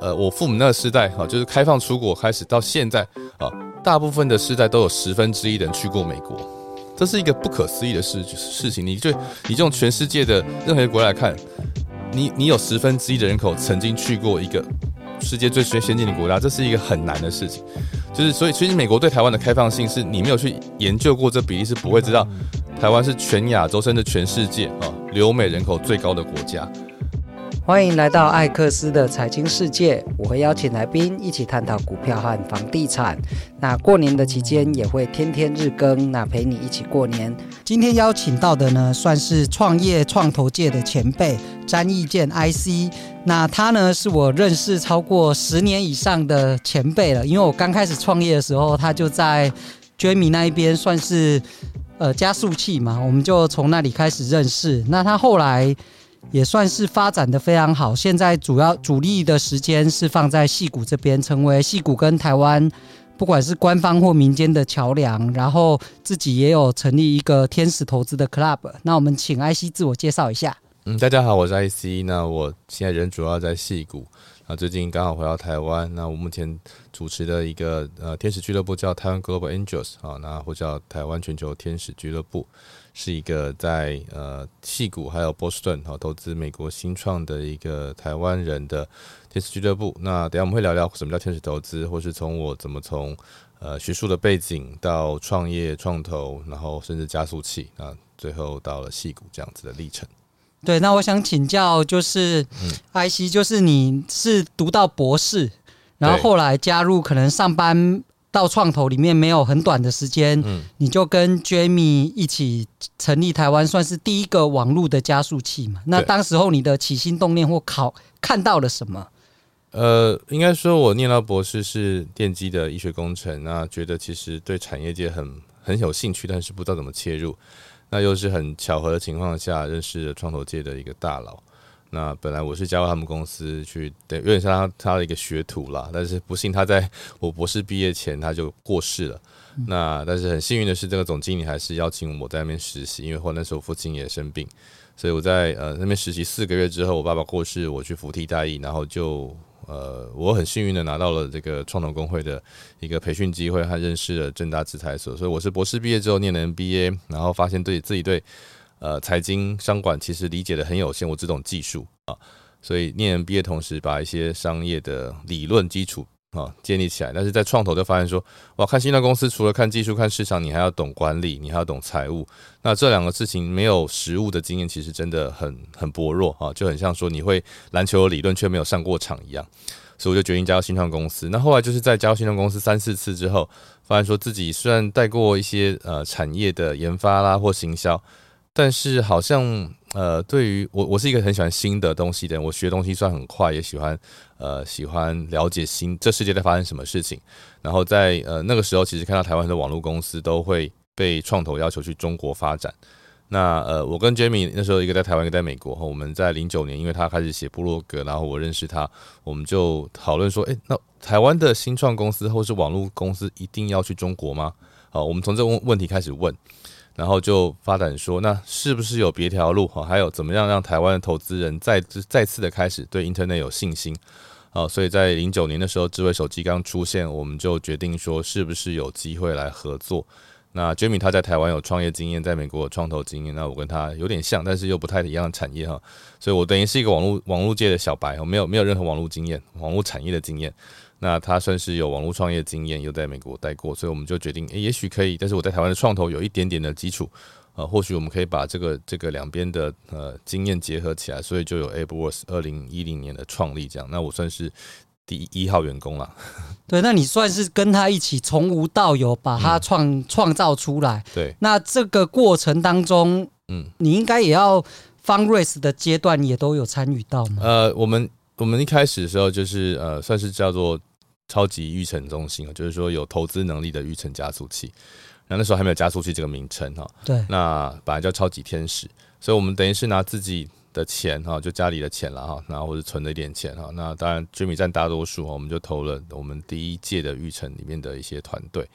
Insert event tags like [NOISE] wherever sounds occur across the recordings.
呃，我父母那個時代，哈、啊，就是開放出國開始到現在，啊，大部分的世代都有十分之一的人去過美國，這是一個不可思議的事事情。你就你就用全世界的任何一個國家來看，你你有十分之一的人口曾經去過一個世界最最先進的國家，這是一個很難的事情。就是所以，其實美國對台灣的開放性是，你沒有去研究過這比例是不會知道，台灣是全亞洲甚至全世界啊，留美人口最高的國家。歡迎來到艾克斯的財經世界，我會邀請來賓一起探討股票和房地產。那過年的期間也會天天日更，那陪你一起過年。今天邀請到的呢，算是創業創投界的前輩詹益鑑 IC。那他呢，是我認識超過十年以上的前輩了，因為我剛開始創業的時候，他就在 Jamie 那一邊算是呃加速器嘛，我們就從那裡開始認識。那他後來。也算是發展的非常好。現在主要主力的時間是放在矽谷這邊，成為矽谷跟台灣，不管是官方或民間的橋樑。然後自己也有成立一個天使投資的 club。那我們請 IC 自我介紹一下。嗯，大家好，我是 IC。那我現在人主要在矽谷。那、啊、最近剛好回到台灣。那我目前主持的一個呃天使俱樂部叫台灣 Global Angels 啊，那或叫台灣全球天使俱樂部。是一個在呃矽谷還有波士頓好投資美國新創的一個台灣人的天使俱樂部。那等下我們會聊聊什麼叫天使投資，或是從我怎麼從呃學術的背景到創業創投，然後甚至加速器啊，那最後到了矽谷這樣子的歷程。對，那我想請教就是，IC，就是你是讀到博士，嗯、然後後來加入，可能上班。到創投裡面沒有很短的時間，嗯，你就跟 Jamie 一起成立台灣算是第一個網絡的加速器嘛？那當時候你的起心動念或考看到了什麼？呃，應該說我念到博士是電機的醫學工程，那覺得其實對產業界很很有興趣，但是不知道怎麼切入。那又是很巧合的情況下認識了創投界的一個大佬。那本來我是加入他們公司去，等於有點像他他的一個學徒了。但是不幸他在我博士畢業前他就過世了。嗯、那但是很幸運的是，這個總經理還是邀請我在那邊實習，因為後來那時候父親也生病，所以我在呃那邊實習四個月之後，我爸爸過世，我去服替代役，然後就呃我很幸運的拿到了這個創投公會的一個培訓機會，和認識了政大智財所。所以我是博士畢業之後念的 MBA 然後發現對自己對。呃，財經商管其實理解的很有限，我只懂技術啊，所以念完畢業同時把一些商業的理論基礎啊建立起來。但是在創投就發現說，哇，看新創公司除了看技術、看市場，你還要懂管理，你還要懂財務。那這兩個事情沒有實務的經驗，其實真的很很薄弱啊，就很像說你會籃球的理論卻沒有上過場一樣。所以我就決定加入新創公司。那後來就是在加入新創公司三四次之後，發現說自己雖然帶過一些呃產業的研發啦或行銷。但是好像，呃，對於我，我是一個很喜歡新的東西的人。我學東西算很快，也喜歡，呃，喜歡了解新這世界在發生什麼事情。然後在呃那個時候，其實看到台灣的網絡公司都會被創投要求去中國發展。那呃，我跟 Jamie 那時候一個在台灣，一個在美國。我們在零九年，因為他開始寫部落格，然後我認識他，我們就討論說，哎，那台灣的新創公司或是網絡公司一定要去中國嗎？好，我們從這個問題開始問。然後就發展說，那是不是有別條路？哈，還有怎麼樣讓台灣的投資人再再次的開始對 Internet 有信心？啊，所以在零九年的時候，智慧手機剛出現，我們就決定說，是不是有機會來合作？那 Jamie 他在台灣有創業經驗，在美國有創投經驗，那我跟他有點像，但是又不太一樣的產業哈，所以我等於是一個網絡網絡界的小白，我沒有沒有任何網絡經驗，網絡產業的經驗。那他算是有網絡創業經驗，又在美國待過，所以我們就決定，哎、欸，也許可以。但是我在台灣的創投有一點點的基礎，呃，或許我們可以把這個這個兩邊的呃經驗結合起來，所以就有 AppWorks 二零一零年的創立。這樣，那我算是第一,一號員工了。對，那你算是跟他一起從無到有把它創創造出來。對，那這個過程當中，嗯，你應該也要 fundraise 的階段也都有參與到嗎？呃，我們。我們一開始的時候就是呃，算是叫做超級育成中心啊，就是說有投資能力的育成加速器。然後那時候還沒有加速器這個名稱哈，對，那本來叫超級天使，所以我們等於是拿自己的錢哈，就家裡的錢了哈，然後或者存了一點錢哈，那當然 Jamie 占大多數，我們就投了我們第一屆的育成裡面的一些團隊。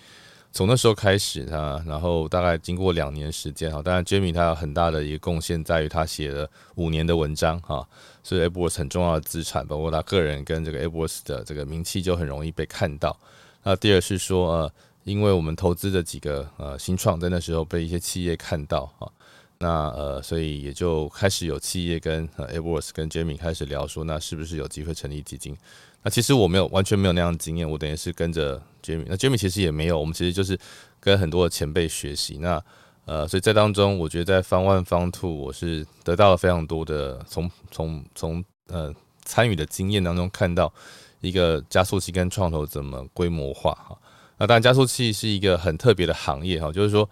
從那時候開始呢、啊，然後大概經過兩年時間哈，當然 Jamie 他有很大的一個貢獻在於他寫了五年的文章哈，所以 AppWorks 很重要的資產，包括他個人跟這個 AppWorks 的這個名氣就很容易被看到。那第二是說呃，因為我們投資的幾個呃新創在那時候被一些企業看到哈。啊那呃，所以也就開始有企業跟、呃、AppWorks 跟 Jamie 開始聊說，那是不是有機會成立基金？那其實我沒有完全沒有那樣的經驗，我等於是跟着 Jamie。那 Jamie 其實也沒有，我們其實就是跟很多的前輩學習。那呃，所以在當中，我覺得在 Fund One、Fund Two，我是得到了非常多的從從從呃參與的經驗當中，看到一個加速器跟創投怎麼規模化哈。那當然，加速器是一個很特別的行業哈，就是說。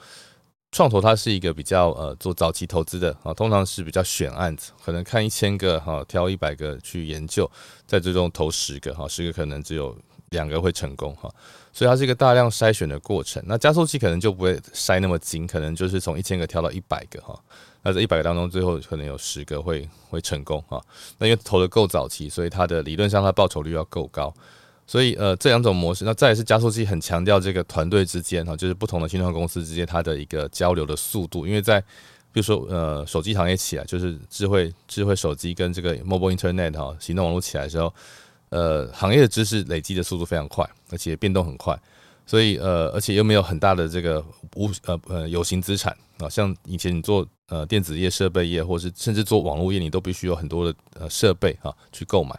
創投它是一個比較呃做早期投資的啊，通常是比較選案子，可能看一千個哈、啊，挑一百個去研究，再最終投十個哈，十、啊、個可能只有兩個會成功哈、啊，所以它是一個大量篩選的過程。那加速器可能就不會篩那麼緊，可能就是從一千個挑到一百個哈、啊，那這一百個當中最後可能有十個會會成功哈、啊。那因為投得夠早期，所以它的理論上它報酬率要夠高。所以呃這兩種模式，那再也是加速器很強調這個團隊之間哈，就是不同的新創公司之間它的一個交流的速度，因為在比如說呃手機行業起來，就是智慧智慧手機跟這個 mobile internet 哈，行動網絡起來的時候，呃行業的知識累積的速度非常快，而且變動很快，所以呃而且又沒有很大的這個無呃呃有形資產啊，像以前你做呃電子業、設備業，或是甚至做網絡業，你都必須有很多的呃設備啊去購買。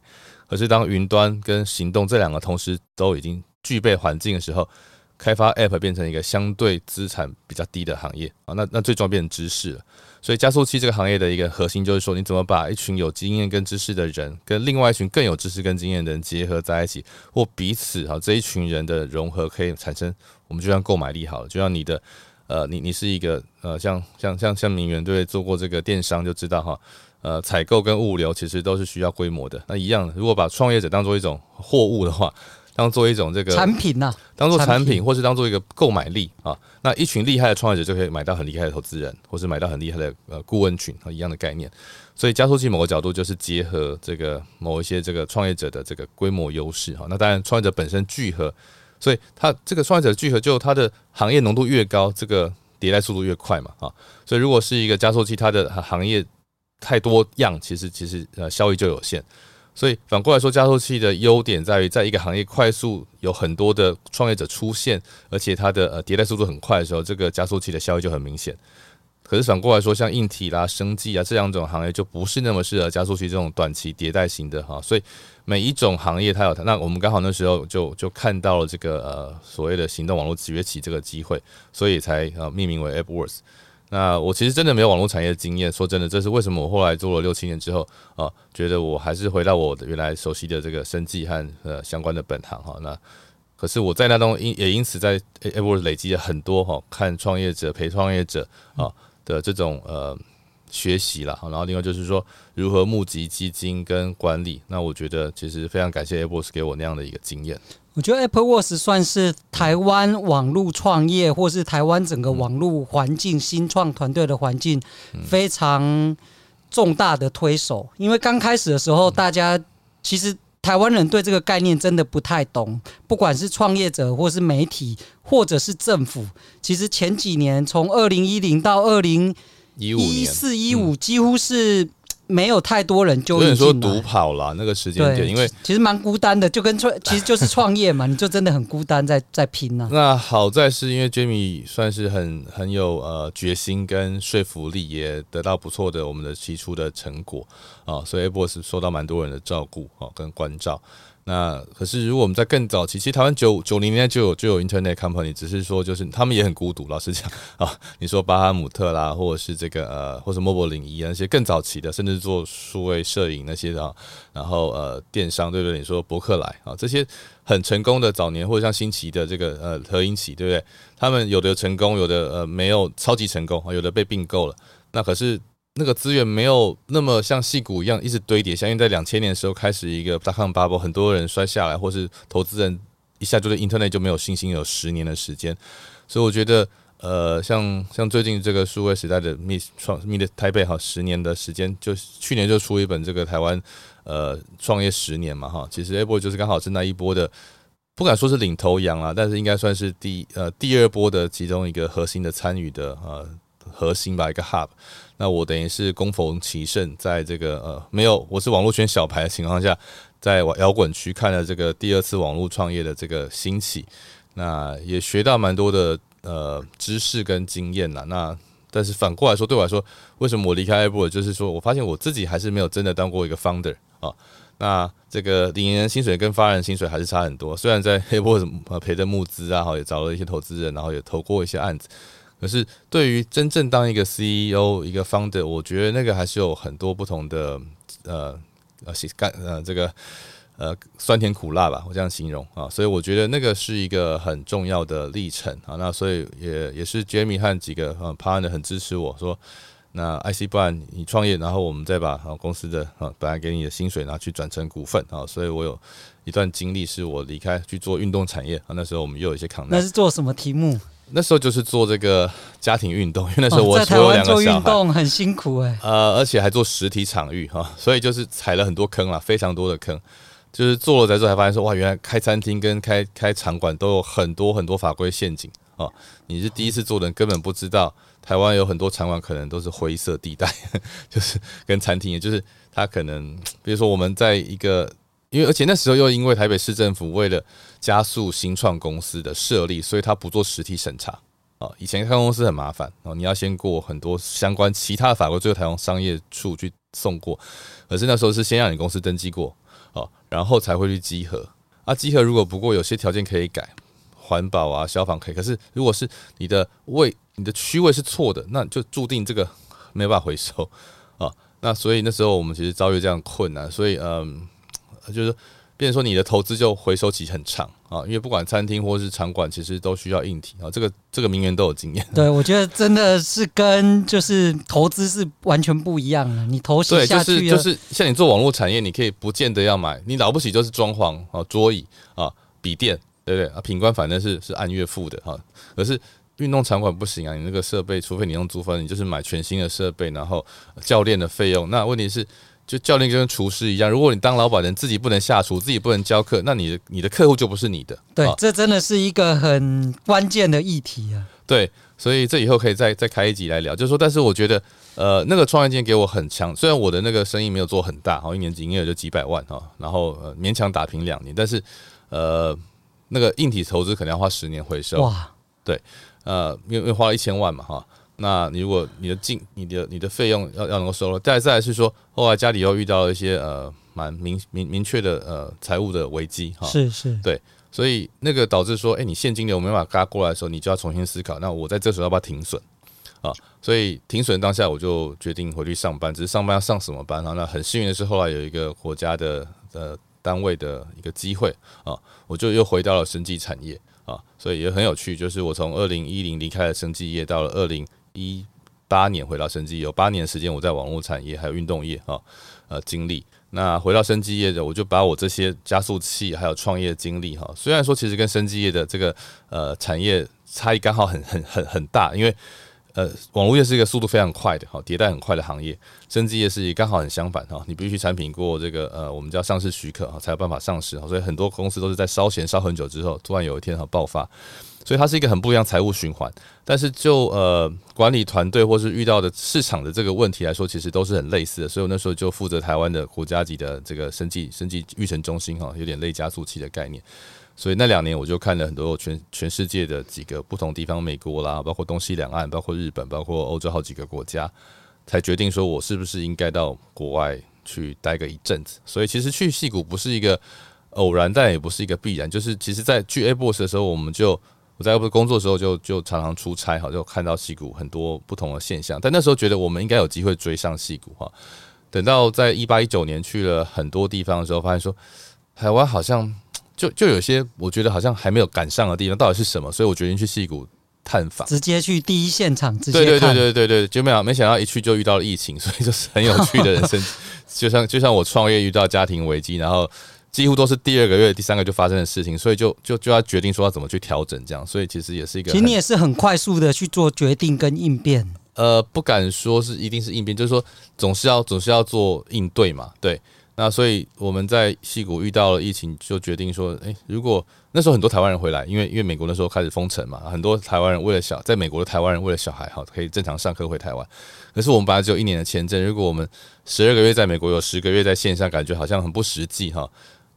可是，當雲端跟行動這兩個同時都已經具備環境的時候，開發 App 變成一個相對資產比較低的行業啊。那那最終變成知識了。所以，加速器這個行業的一個核心就是說，你怎麼把一群有經驗跟知識的人，跟另外一群更有知識跟經驗的人結合在一起，或彼此啊這一群人的融合，可以產生我們就像購買力好了，就像你的。呃，你你是一個呃，像像像像名媛對做過這個電商就知道哈，呃，採購跟物流其實都是需要規模的。那一樣，如果把創業者當做一種貨物的話，當做一種這個產品呢、啊？當做產，產品，或是當做一個購買力啊，那一群厲害的創業者就可以買到很厲害的投資人，或是買到很厲害的呃顧問群和一樣的概念。所以加速器某個角度就是結合這個某一些這個創業者的這個規模優勢哈、啊。那當然，創業者本身聚合。所以它這個創業者的聚合，就它的行業濃度越高，這個迭代速度越快嘛啊。所以如果是一個加速器，它的行業太多樣，其實其實呃效益就有限。所以反過來說，加速器的優點在於，在一個行業快速有很多的創業者出現，而且它的呃迭代速度很快的時候，這個加速器的效益就很明顯。可是反過來說，像硬體啦、生技啊，這兩種行業就不是那麼適合加速器這種短期迭代型的哈。所以。每一種行業它有它，那我們剛好那時候就就看到了這個呃所謂的行動網絡崛起這個機會，所以才呃命名為 AppWorks。那我其實真的沒有網絡產業的經驗，說真的，這是為什麼我後來做了六七年之後啊，呃，覺得我還是回到我原來熟悉的這個生技和呃相關的本行哈，哦。那可是我在那當中因也因此在 AppWorks 累積了很多哈，哦，看創業者陪創業者啊，哦嗯、的這種呃。學習了，然後另外就是說如何募集基金跟管理。那我覺得其實非常感謝 AppWorks 給我那樣的一個經驗。我覺得 AppWorks 算是台灣網絡創業，或是台灣整個網絡環境、嗯、新創團隊的環境非常重大的推手。嗯、因為剛開始的時候，大家、嗯、其實台灣人對這個概念真的不太懂，不管是創業者，或是媒體，或者是政府。其實前幾年從二零一零到二零。一五一四一五，幾乎是沒有太多人就。所以你說啦，獨跑了那個時間點，因為其實蠻孤單的，就跟創其實就是創業嘛， [LAUGHS] 你就真的很孤單在，在在拼呢、啊。那好在是因為 Jamie 算是很很有呃決心跟說服力，也得到不錯的我們的提出的成果啊，所以 A-Boss 是受到蠻多人的照顧啊跟關照。那可是，如果我們在更早期，其實台灣九九零年代就有就有 Internet company，只是說就是他們也很孤獨。老實講啊，你說巴哈姆特啦，或者是這個呃，或是 Mobile 01啊，那些更早期的，甚至做數位攝影那些的、啊，然後呃，電商對不對？你說博客來啊，這些很成功的早年，或者像新奇的這個呃合影企對不對？他們有的成功，有的呃沒有超級成功，有的被併購了。那可是。那個資源沒有那麼像矽谷一樣一直堆疊，像因為在兩千年的時候開始一個 dot-com bubble，很多人摔下來，或是投資人一下就在 internet 就沒有信心，有十年的時間，所以我覺得呃，像像最近這個數位時代的 Meet 創 Meet 台北哈，十年的時間，就去年就出一本這個台灣呃創業十年嘛哈，其實 AppWorks 就是剛好是那一波的，不敢說是領頭羊啦，但是應該算是第呃第二波的其中一個核心的參與的啊。核心吧，一個 hub，那我等於是躬逢其盛，在這個呃沒有，我是網絡圈小牌的情況下，在搖滾區看了這個第二次網絡創業的這個興起，那也學到蠻多的呃知識跟經驗啦。那但是反過來說，對我來說，為什麼我離開 AppWorks，就是說我發現我自己還是沒有真的當過一個 founder 啊、哦。那這個領人薪水跟發人薪水還是差很多。雖然在 AppWorks 什陪着募資啊，好，也找了一些投資人，然後也投過一些案子。可是，對於真正當一個 CEO、一個 Founder，我覺得那個還是有很多不同的呃呃幹呃這個呃酸甜苦辣吧，我這樣形容啊。所以我覺得那個是一個很重要的歷程啊。那所以也也是 Jamie 和幾個呃 partner 很支持我說。那 IC 不然你創業，然後我們再把公司的啊本來給你的薪水拿去轉成股份啊，所以我有一段經歷，是我離開去做運動產業啊。那時候我們又有一些抗，那是做什麼題目？那時候就是做這個家庭運動，因為那時候我有兩個、哦、在台灣做運動很辛苦哎、欸。呃，而且還做實體場域哈，所以就是踩了很多坑啦，非常多的坑，就是做了才知道才發現說哇，原來開餐廳跟開開場館都有很多很多法規陷阱。哦，你是第一次做人，根本不知道台灣有很多場館可能都是灰色地帶，就是跟餐廳，也就是他可能，比如說我們在一個，因為而且那時候又因為台北市政府為了加速新創公司的設立，所以他不做實體審查。哦，以前開公司很麻煩哦，你要先過很多相關其他的法規，最後台灣商業處去送過。可是那時候是先讓你公司登記過哦，然後才會去稽核。啊，稽核如果不過，有些條件可以改。環保啊，消防可以，可是如果是你的位，你的區位是錯的，那就注定這個沒辦法回收啊。那所以那時候我們其實遭遇這樣困難，所以嗯，就是變成說你的投資就回收期很長啊，因為不管餐廳或是場館，其實都需要硬體啊。這個這個名源都有經驗。對，我覺得真的是跟就是投資是完全不一樣的。你投資下去了對、就是、就是，像你做網絡產業，你可以不見得要買，你了不起就是裝潢啊，桌椅啊，筆電。對對啊，品官反正是是按月付的哈，啊，可是運動場館不行啊，你那個設備，除非你用租房，你就是買全新的設備，然後教練的費用。那問題是，就教練就跟廚師一樣，如果你當老板人自己不能下廚，自己不能教課，那你你的客戶就不是你的，啊。對，這真的是一個很關鍵的議題啊。對，所以這以後可以再再開一集來聊，就是說，但是我覺得，呃，那個創業經驗給我很強，雖然我的那個生意沒有做很大，一年營業額就幾百萬哈，然後，呃，勉強打平兩年，但是，呃。那個硬體投資可能要花十年回收。哇，對，呃，因為因為花了一千萬嘛，哈，那你如果你的進、你的、你的費用要要能夠收了，再再來是說，後來家裡又遇到了一些呃蠻明明明確的呃財務的危機，哈，是是，對，所以那個導致說，哎、欸，你現金流沒辦法嘎過來的時候，你就要重新思考，那我在這時候要不要停損啊？所以停損當下，我就決定回去上班，只是上班要上什麼班啊？那很幸運的是，後來有一個國家的呃。的單位的一個機會啊，我就又回到了生技產業啊，所以也很有趣，就是我從二零一零離開了生技業，到了二零一八年回到生技業，有八年時間我在網絡產業還有運動業啊，呃，經歷。那回到生技業的，我就把我這些加速器還有創業經歷哈，雖然說其實跟生技業的這個呃產業差異剛好很很很很大，因為。呃，網路業是一個速度非常快的哈，迭代很快的行業，生技業是剛好很相反哈，你必須產品過這個呃，我們叫上市許可哈，才有辦法上市哈，所以很多公司都是在燒錢燒很久之後，突然有一天好爆發，所以它是一個很不一樣財務循環，但是就呃管理團隊或是遇到的市場的這個問題來說，其實都是很類似的，所以我那時候就負責台灣的國家級的這個生技，生技育成中心哈，有點類加速器的概念。所以那兩年我就看了很多全全世界的幾個不同地方，美國啦，包括東西兩岸，包括日本，包括歐洲好幾個國家，才決定說我是不是應該到國外去待個一陣子。所以其實去矽谷不是一個偶然，但也不是一個必然。就是其實，在去 AppWorks 的時候，我們就我在 AppWorks 工作的時候就就常常出差哈，就看到矽谷很多不同的現象。但那時候覺得我們應該有機會追上矽谷哈。等到在一八一九年去了很多地方的時候，發現說台灣好像。就就有些我覺得好像還沒有趕上的地方，到底是什麼？所以我決定去矽谷探訪，直接去第一現場，直接看對對對對對對，就沒，沒想到一去就遇到了疫情，所以就是很有趣的人生。 [LAUGHS] 就像就像我創業遇到家庭危機，然後幾乎都是第二個月、第三個就發生的事情，所以就就就要決定說要怎麼去調整，這樣。所以其實也是一個，其實你也是很快速的去做決定跟應變。呃，不敢說是一定是應變，就是說總是要總是要做應對嘛，對。那所以我們在矽谷遇到了疫情，就決定說，誒，如果那時候很多台灣人回來，因為因為美國那時候開始封城嘛，很多台灣人為了小，在美國的台灣人為了小孩哈，可以正常上課回台灣，可是我們本來只有一年的簽證，如果我們十二個月在美國有十個月在線上，感覺好像很不實際哈，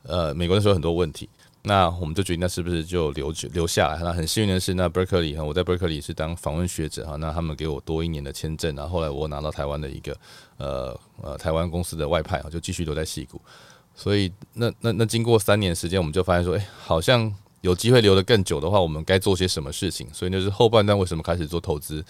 呃，美國那時候很多問題。那我們就決定，那是不是就留留下來？那很幸運的是，那伯克利哈，我在伯克利是當訪問學者哈，那他們給我多一年的簽證，然後後來我拿到台灣的一個呃呃台灣公司的外派啊，就繼續留在矽谷。所以那那那經過三年時間，我們就發現說，哎，好像有機會留得更久的話，我們該做些什麼事情？所以那是後半段為什麼開始做投資。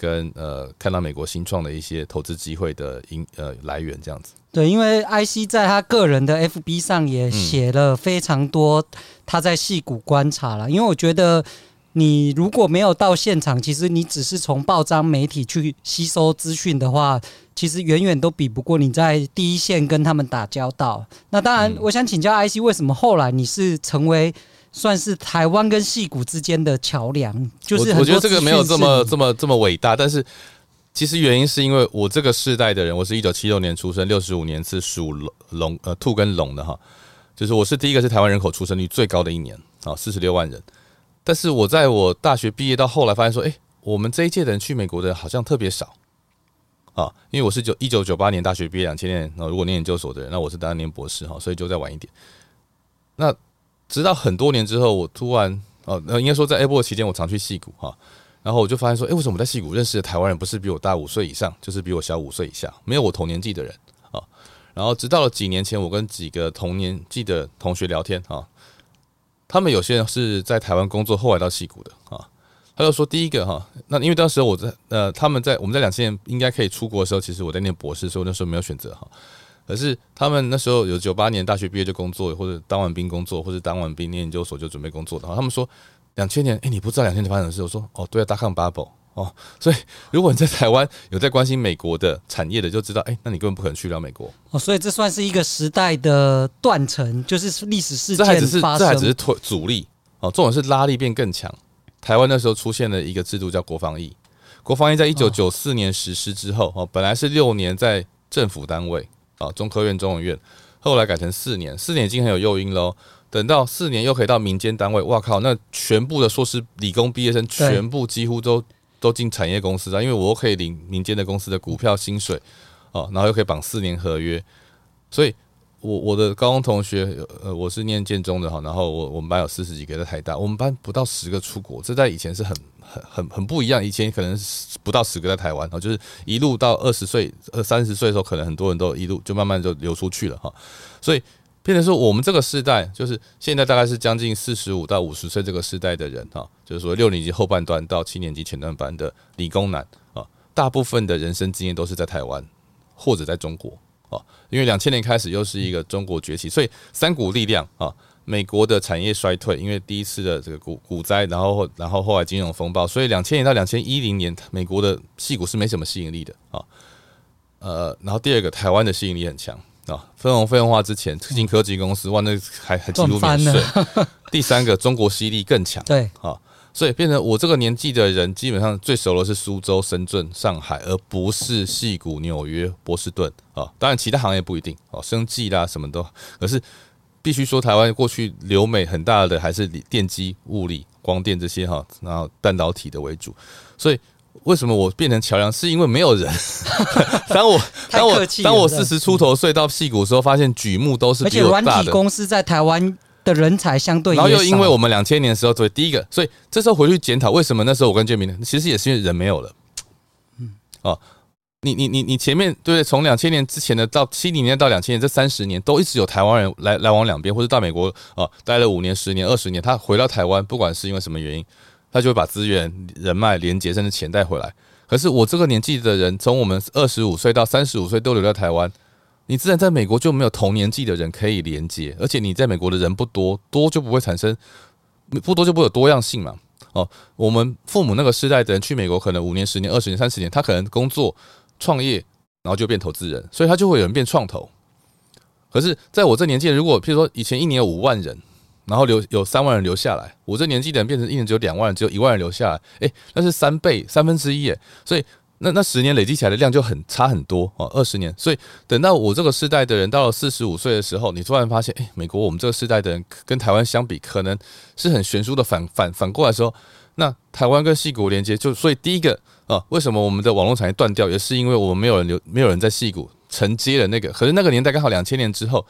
跟呃，看到美國新創的一些投資機會的因呃來源這樣子。對，因為 IC 在他個人的 FB 上也寫了非常多他在矽谷觀察了、嗯。因為我覺得你如果沒有到現場，其實你只是從報章媒體去吸收資訊的話，其實遠遠都比不過你在第一線跟他們打交道。那當然，我想請教 IC，為什麼後來你是成為？算是台灣跟矽谷之間的橋樑，就是，很是我，我覺得這個沒有這麼這麼這麼偉大，但是其實原因是因為我這個世代的人，我是一九七六年出生，六十五年是屬龍龍呃兔跟龍的哈，就是我是第一個是台灣人口出生率最高的一年啊，四十六萬人。但是我在我大學畢業到後來發現說，哎、欸，我們這一屆的人去美國的好像特別少啊，因為我是九一九九八年大學畢業，兩千年，那如果念研究所的人，那我是當年博士哈，所以就再晚一點。那直到很多年之後，我突然哦，應該說在 AppWorks 期間，我常去矽谷哈，然後我就發現說，誒，為什麼我在矽谷認識的台灣人不是比我大五歲以上，就是比我小五歲以下，沒有我同年紀的人啊？然後，直到了幾年前，我跟幾個同年紀的同學聊天哈，他們有些人是在台灣工作，後來到矽谷的啊，他就說，第一個哈，那因為當時我在呃，他們在我們在兩千年應該可以出國的時候，其實我在念博士的時候，那時候沒有選擇哈。可是他們那時候有九八年大學畢業就工作，或者當完兵工作，或者當完兵念研究所就準備工作。然後他們說兩千年，哎、欸，你不知道兩千年發生的事？我說哦，對啊，達康 bubble。哦。所以如果你在台灣有在關心美國的產業的，就知道，哎、欸，那你根本不可能去了美國哦。所以這算是一個時代的斷層，就是歷史事件發。這還只是這還只是推阻力哦，重點是拉力變更強。台灣那時候出現了一個制度叫國防役，國防役在一九九四年實施之後哦，哦，本來是六年在政府單位。啊，中科院、中研院，後來改成四年，四年已經很有誘因嘍。等到四年又可以到民間單位，哇靠，那全部的碩士、理工畢業生，全部幾乎都都進產業公司了，啊，因為我又可以領民間的公司的股票薪水，哦，然後又可以綁四年合約，所以我，我我的高中同學，呃，我是念建中的哈，然後我我們班有四十幾個在台大，我們班不到十個出國，這在以前是很。很很很不一樣，以前可能不到十個在台灣哈，就是一路到二十歲、三十歲的時候，可能很多人都一路就慢慢就流出去了哈，所以變成說我們這個世代，就是現在大概是將近四十五到五十歲這個世代的人哈，就是說六年級後半段到七年級前段班的理工男啊，大部分的人生經驗都是在台灣或者在中國。哦，因為兩千年開始又是一個中國崛起，所以三股力量啊，美國的產業衰退，因為第一次的這個股股災，然後然後後來金融風暴，所以兩千年到兩千一零年，美國的矽谷是沒什麼吸引力的啊。呃，然後第二個，台灣的吸引力很強啊，分紅費用化之前，最近科技公司哇，那、嗯、還還幾乎免稅。第三個，中國吸力更強，對啊。哦所以變成我這個年紀的人，基本上最熟的是蘇州、深圳、上海，而不是硅谷、紐約、波士頓啊、哦。當然，其他行業不一定哦，生技啦什麼都。可是必須說，台灣過去留美很大的還是電機、物理、光電這些哈、哦，然後半導體的為主。所以為什麼我變成橋梁，是因為沒有人。 [LAUGHS] [LAUGHS] 當我當我當我四十出頭，歲到硅谷的時候，發現舉目都是比我大的。而且半導體公司在台灣。的人才相對，然後又因為我們兩千年的時候，對，第一個，所以這時候回去檢討，為什麼那時候我跟建明呢？其實也是因為人沒有了，嗯，哦，你你你你前面，對，對，從兩千年之前的到七零年到兩千年這三十年，年都一直有台灣人來來往兩邊，或者到美國啊，呃、待了五年、十年、二十年，他回到台灣，不管是因為什麼原因，他就會把資源、人脈、連接甚至錢帶回來。可是我這個年紀的人，從我們二十五歲到三十五歲都留在台灣。你自然在美國就沒有同年紀的人可以連接，而且你在美國的人不多，多就不會產生，不多就不會有多樣性嘛。哦，我們父母那個世代的人去美國，可能五年、十年、二十年、三十年，他可能工作、創業，然後就變投資人，所以他就會有人變創投。可是，在我這年紀，如果譬如說以前一年有五萬人，然後留有三萬人留下來，我這年紀的人變成一年只有兩萬人，只有一萬人留下來，哎、欸，那是三倍，三分之一，誒，所以。那那十年累積起來的量就很差很多哦，二十年，所以等到我這個世代的人到了四十五歲的時候，你突然發現，誒、欸，美國我們這個世代的人跟台灣相比，可能是很懸殊的反反反過來說，那台灣跟矽谷連接就所以第一個啊，為什麼我們的網絡產業斷掉，也是因為我們沒有人留，沒有人在矽谷承接了那個，可是那個年代剛好兩千年之後，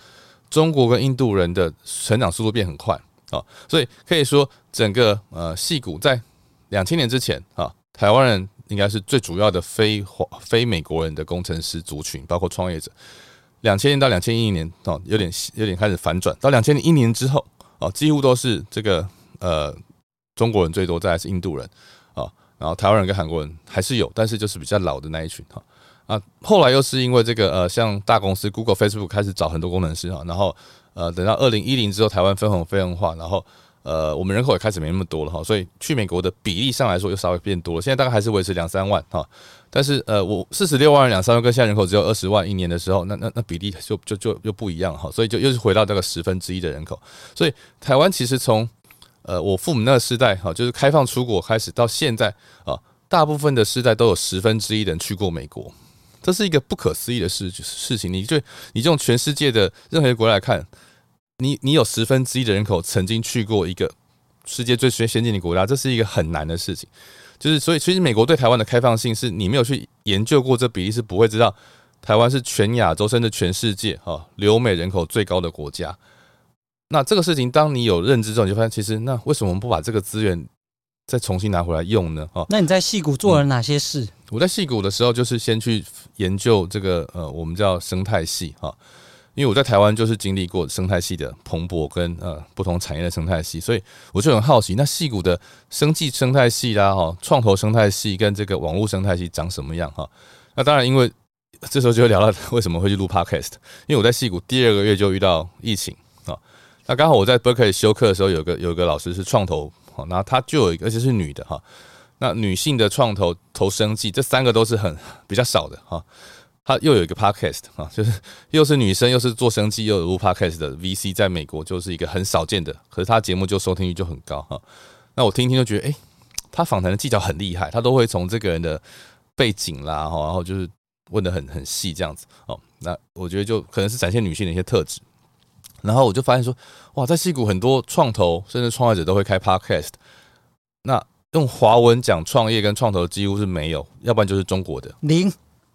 中國跟印度人的成長速度變很快啊，所以可以說整個呃矽谷在兩千年之前啊，台灣人。應該是最主要的非華、非美國人的工程師族群，包括創業者。兩千年到兩千一零年哦，有點有點開始反轉，到兩千零一年之後哦，幾乎都是這個呃中國人最多，再來是印度人啊，然後台灣人跟韓國人還是有，但是就是比較老的那一群哈啊。後來又是因為這個呃，像大公司 Google、Facebook 開始找很多工程師哈，然後呃等到二零一零之後，台灣分紅費用化，然後。呃，我們人口也開始沒那麼多了哈，所以去美國的比例上來說又稍微變多了。現在大概還是維持兩三萬哈，但是呃，我四十六萬人兩三萬，跟現在人口只有二十萬一年的時候，那那那比例就就就又不一樣哈，所以就又是回到這個十分之一的人口。所以台灣其實從呃我父母那個時代哈，就是開放出國開始到現在啊，大部分的世代都有十分之一的人去過美國，這是一個不可思議的事事情。你對，你用全世界的任何一個國來看。你你有十分之一的人口曾經去過一個世界最先先進的國家，這是一個很難的事情。就是所以，其實美國對台灣的開放性是，你沒有去研究過這比例是不會知道台灣是全亞洲甚至全世界哈留美人口最高的國家。那這個事情，當你有認知之後，你就發現其實那為什麼我們不把這個資源再重新拿回來用呢？哈，那你在矽谷做了哪些事？我在矽谷的時候，就是先去研究這個呃，我們叫生態系哈。因為我在台灣就是經歷過生態系的蓬勃跟呃不同產業的生態系，所以我就很好奇，那矽谷的生技生態系啦，哈，創投生態系跟這個網絡生態系長什麼樣哈？那當然，因為這時候就會聊到為什麼會去錄 Podcast，因為我在矽谷第二個月就遇到疫情啊，那剛好我在 Berkeley 修課的時候，有個有個老師是創投，那他就有一個，而且是女的哈，那女性的創投投生技這三個都是很比較少的哈。他又有一個 podcast 啊，就是又是女生，又是做生技，又有錄 podcast 的 VC，在美國就是一個很少見的，可是他節目就收聽率就很高哈。那我聽聽就覺得，誒、欸，他訪談的技巧很厲害，他都會從這個人的背景啦，然後就是問得很很細這樣子哦。那我覺得就可能是展現女性的一些特質。然後我就發現說，哇，在矽谷很多創投甚至創業者都會開 podcast，那用華文講創業跟創投幾乎是沒有，要不然就是中國的您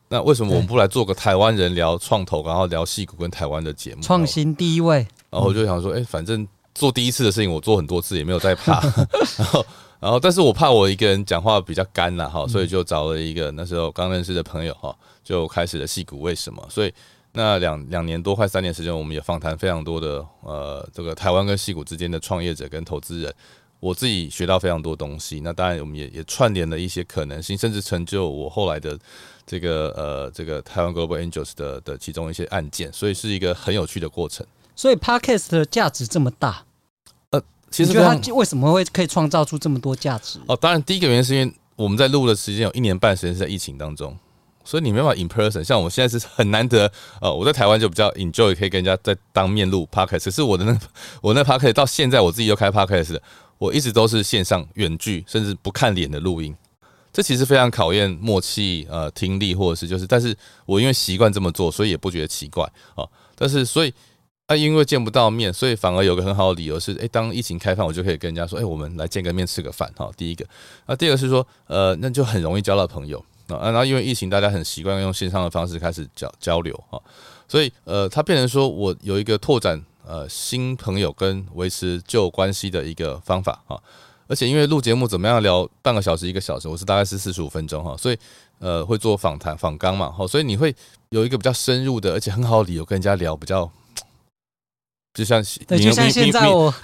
那為什麼我們不來做個台灣人聊創投，然後聊矽谷跟台灣的節目？創新第一位。然後我就想說，哎、欸，反正做第一次的事情，我做很多次也沒有在怕、嗯。然後，然後，但是我怕我一個人講話比較乾了哈，所以就找了一個那時候剛認識的朋友哈，就開始了矽谷為什麼？所以那兩兩年多快三年時間，我們也訪談非常多的呃這個台灣跟矽谷之間的創業者跟投資人。我自己學到非常多東西，那當然我們也也串聯了一些可能性，甚至成就我後來的這個呃這個台灣 Global Angels 的的其中一些案件，所以是一個很有趣的過程。所以 Podcast 的價值這麼大，呃，其實你覺得它為什麼會可以創造出這麼多價值？哦，當然第一個原因是因為我們在錄的時間有一年半時間是在疫情當中，所以你沒有辦法 i m p e r s o n 像我現在是很難得，呃，我在台灣就比較 enjoy 可以跟人家在當面錄 Podcast，可是我的那個、我那個 Podcast 到現在我自己又開 Podcast。我一直都是線上遠距，甚至不看臉的錄音，這其實非常考驗默契、呃，聽力或者是就是，但是我因為習慣這麼做，所以也不覺得奇怪啊、哦。但是所以啊，因為見不到面，所以反而有個很好的理由是，誒、欸，當疫情開放，我就可以跟人家說，誒、欸，我們來見個面吃個飯哈、哦。第一個，啊，第二個是說，呃，那就很容易交到朋友啊。然後因為疫情，大家很習慣用線上的方式開始交交流啊、哦，所以呃，它變成說我有一個拓展。呃，新朋友跟維持舊關係的一個方法啊，而且因為錄節目怎麼樣，聊半個小時一個小時，我是大概是四十五分鐘哈，所以呃會做訪談訪綱嘛，所以你會有一個比較深入的，而且很好理由跟人家聊比較。就像明明明明，明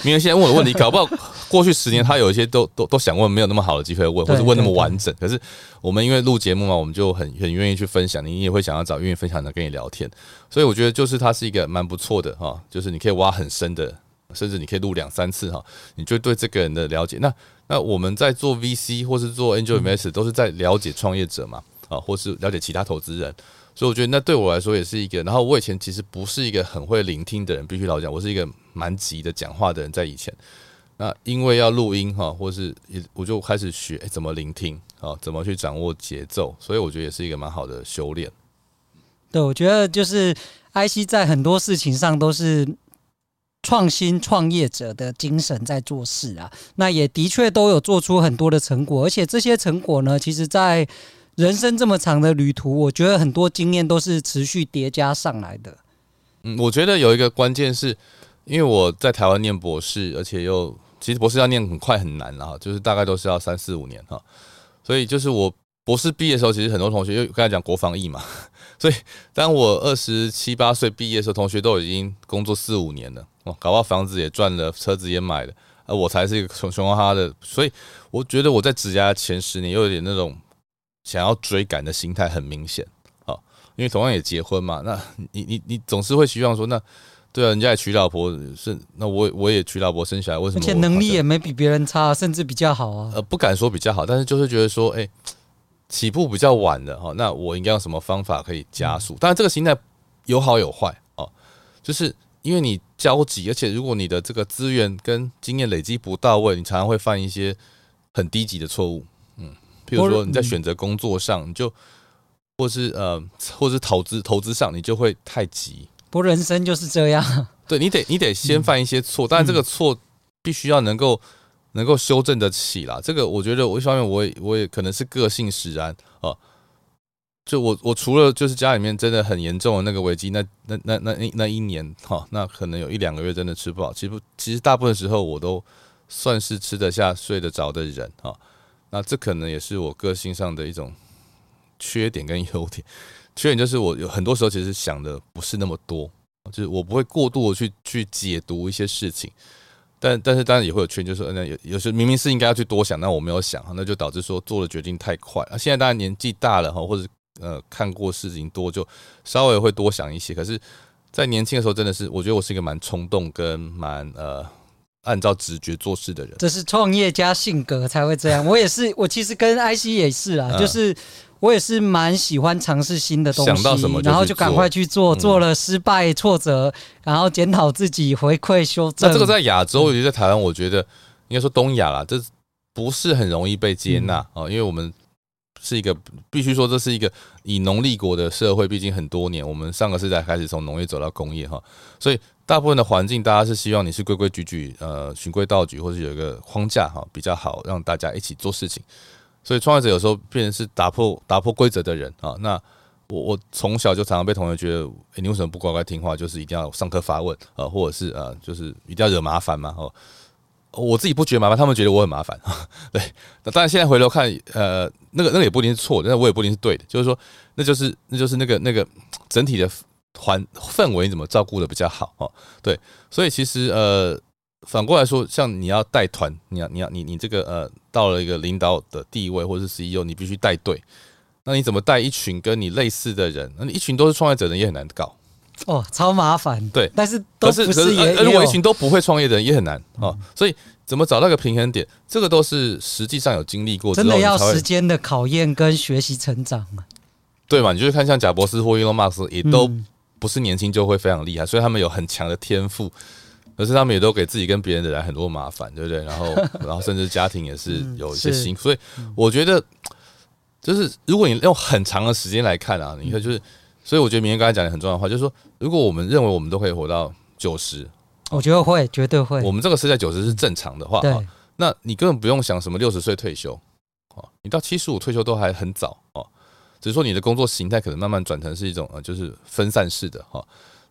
明現在問我的問題，搞 [LAUGHS] 不好過去十年他有一些都都都想問，沒有那麼好的機會的問，對對對對，或者問那麼完整。可是我們因為錄節目嘛，我們就很很願意去分享。你也會想要找願意分享的跟你聊天，所以我覺得就是他是一個蠻不錯的哈，就是你可以挖很深的，甚至你可以錄兩三次哈，你就對這個人的了解。那那我們在做 VC 或是做 Angel，Invest、嗯、都是在了解創業者嘛，啊，或是了解其他投資人。所以我覺得那對我來說也是一個，然後我以前其實不是一個很會聆聽的人，必須老講，我是一個蠻急的講話的人，在以前，那因為要錄音哈，或是我就開始學怎麼聆聽啊，怎麼去掌握節奏，所以我覺得也是一個蠻好的修煉。對，我覺得就是 IC 在很多事情上都是創新創業者的精神在做事啊，那也的確都有做出很多的成果，而且這些成果呢，其實在。人生這麼長的旅途，我覺得很多經驗都是持續疊加上來的。嗯，我覺得有一個關鍵是因為我在台灣念博士，而且又其實博士要念很快很難了哈，就是大概都是要三四五年哈。所以就是我博士畢業的時候，其實很多同學又剛才講國防役嘛，所以當我二十七八歲畢業的時候，同學都已經工作四五年了，搞到房子也賺了，車子也買了，而我才是一個窮窮哈哈的。所以我覺得我在職涯前十年又有點那種。想要追趕的心態很明顯啊、哦，因為同樣也結婚嘛，那你你你總是會希望說，那對啊，人家也娶老婆是，那我我也娶老婆生小孩，為什麼？而且能力也沒比別人差、啊，甚至比較好啊。呃，不敢說比較好，但是就是覺得說，哎、欸，起步比較晚的，哈、哦。那我應該用什麼方法可以加速？嗯、當然，這個心態有好有壞啊、哦，就是因為你焦急，而且如果你的這個資源跟經驗累積不到位，你常常會犯一些很低級的錯誤。比如說你在選擇工作上，你就，或是呃，或是投資投資上，你就會太急。不，人生就是這樣。對，你得你得先犯一些錯，但是這個錯必須要能夠能夠修正得起啦。這個我覺得，我一方面我也我也可能是個性使然啊。就我我除了就是家裡面真的很嚴重的那個危機，那那那那那一年哈，那可能有一兩個月真的吃不好，其實其實大部分的時候我都算是吃得下、睡得着的人啊。那這可能也是我個性上的一種缺點跟優點，缺點就是我有很多時候其實想的不是那麼多，就是我不會過度的去去解讀一些事情。但但是當然也會有缺點，就是嗯有有時候明明是應該要去多想，但我沒有想，那就導致說做的決定太快。現在大家年紀大了哈，或者呃看過事情多，就稍微會多想一些。可是，在年輕的時候，真的是我覺得我是一個蠻衝動跟蠻呃。按照直覺做事的人，這是創業家性格才會這樣。我也是， [LAUGHS] 我其實跟 IC 也是啊、嗯，就是我也是蠻喜歡嘗試新的東西，想到什麼就然後就趕快去做、嗯，做了失敗挫折，然後檢討自己，嗯、回饋修正。那、啊、這個在亞洲，尤其在台灣，我覺得應該說東亞啦，這不是很容易被接納啊、嗯，因為我們是一個必須說這是一個以農立國的社會，畢竟很多年，我們上個世代開始從農業走到工業哈，所以。大部分的環境，大家是希望你是規規矩矩，呃，循規蹈矩，或是有一個框架哈比較好，讓大家一起做事情。所以創業者有時候變成是打破打破規則的人啊、哦。那我我從小就常常被同學覺得、欸，你為什麼不乖乖聽話？就是一定要上課發問，啊、呃，或者是呃，就是一定要惹麻煩嘛。哦，我自己不覺得麻煩，他們覺得我很麻煩。對，那當然現在回頭看，呃，那個那個也不一定是錯的，那個、我也不一定是對的。就是說，那就是那就是那個那個整體的。團氛圍怎麼照顧得比較好哦？對，所以其實呃，反過來說，像你要帶團，你要你要你你這個呃，到了一個領導的地位或者是 CEO，你必須帶隊。那你怎麼帶一群跟你類似的人？那一群都是創業者的人也很難搞哦，超麻煩。對，但是都是可是，如果一群都不會創業的人也很難、嗯、哦。所以怎麼找到一個平衡點？這個都是實際上有經歷過，真的要時間的考驗跟學習成長嘛？對嘛？你就是看像賈伯斯或伊隆馬斯克也都、嗯。不是年輕就會非常厲害，所以他們有很強的天賦，可是他們也都給自己跟別人帶來很多麻煩，對不對？然後，然後甚至家庭也是有一些辛苦、 [LAUGHS] 嗯。所以我覺得，就是如果你用很長的時間來看啊，你可以就是所以我覺得明天剛才講的很重要的話，就是說，如果我們認為我們都可以活到九十，我覺得會，絕對會。我們這個時代九十是正常的話、啊，那你根本不用想什麼六十歲退休、啊、你到七十五退休都還很早哦。啊只是說你的工作形態可能慢慢轉成是一種呃，就是分散式的哈。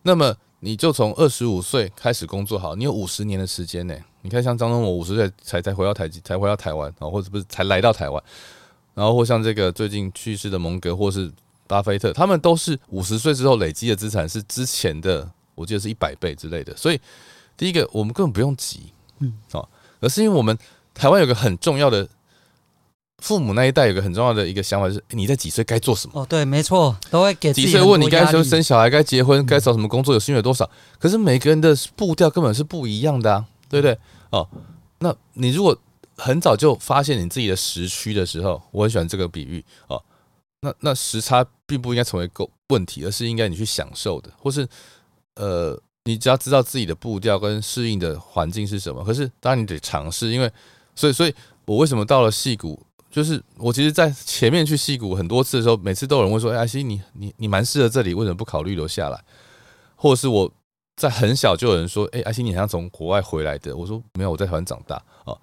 那麼你就從二十五歲開始工作，好，你有五十年的時間內，你看像張忠謀五十歲才才回到台才回到台灣啊，或者不是才來到台灣，然後或像這個最近去世的蒙格，或是巴菲特，他們都是五十歲之後累積的資產是之前的，我記得是一百倍之類的。所以第一個，我們根本不用急，嗯，好，而是因為我們台灣有個很重要的。父母那一代有一個很重要的一個想法，就是你在幾歲該做什麼？哦，對，沒錯，都會給自己幾歲問你該生小孩、該結婚、該找什麼工作、有薪水多少、嗯。可是每個人的步調根本是不一樣的、啊，對不對？哦，那你如果很早就發現你自己的時區的時候，我很喜歡這個比喻哦，那那時差並不應該成為個問題，而是應該你去享受的，或是呃，你只要知道自己的步調跟適應的環境是什麼。可是當然你得嘗試，因為所以所以我為什麼到了矽谷。就是我其實，在前面去矽谷很多次的時候，每次都有人問說：“哎、欸，IC，你你你蠻適合這裡，為什麼不考慮留下來？”或者是我在很小就有人說：“哎、欸，IC，你好像從國外回來的。”我說：“沒有，我在台灣長大啊。哦”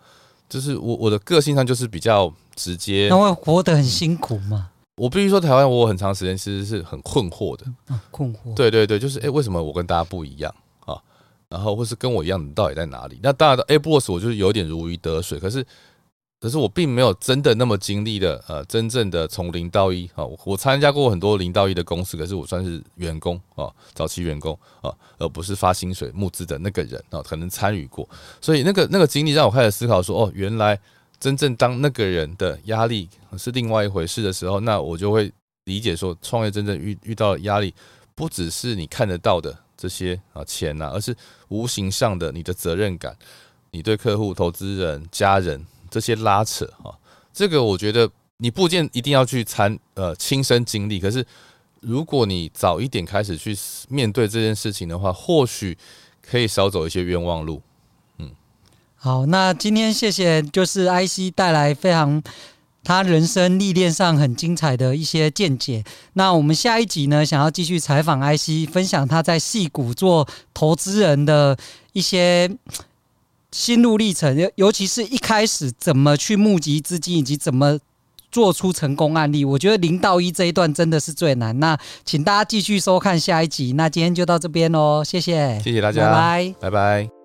就是我我的個性上就是比較直接。那我活得很辛苦嘛。嗯、我必須說，台灣我很長時間其實是很困惑的。困惑。對對對，就是哎、欸，為什麼我跟大家不一樣啊、哦？然後或是跟我一樣你到底在哪裡？那當然的哎 AppWorks，我就是有點如魚得水。可是。可是我並沒有真的那麼經歷的，呃，真正的從零到一啊，我我參加過很多零到一的公司，可是我算是員工啊，早期員工啊，而不是發薪水募資的那個人啊，可能參與過，所以那個那個經歷讓我開始思考說，哦，原來真正當那個人的壓力是另外一回事的時候，那我就會理解說，創業真正遇遇到的壓力，不只是你看得到的這些錢啊錢吶，而是無形上的你的責任感，你對客戶、投資人、家人。這些拉扯啊，這個我覺得你部件一定要去參，呃，親身經歷。可是如果你早一點開始去面對這件事情的話，或許可以少走一些冤枉路。嗯，好，那今天謝謝，就是 IC 帶來非常他人生歷練上很精彩的一些見解。那我們下一集呢，想要繼續採訪 IC，分享他在矽谷做投資人的一些。心路歷程，尤尤其是一開始怎麼去募集資金，以及怎麼做出成功案例，我覺得零到一這一段真的是最難。那請大家繼續收看下一集。那今天就到這邊囉，謝謝，謝謝大家，拜拜，拜拜。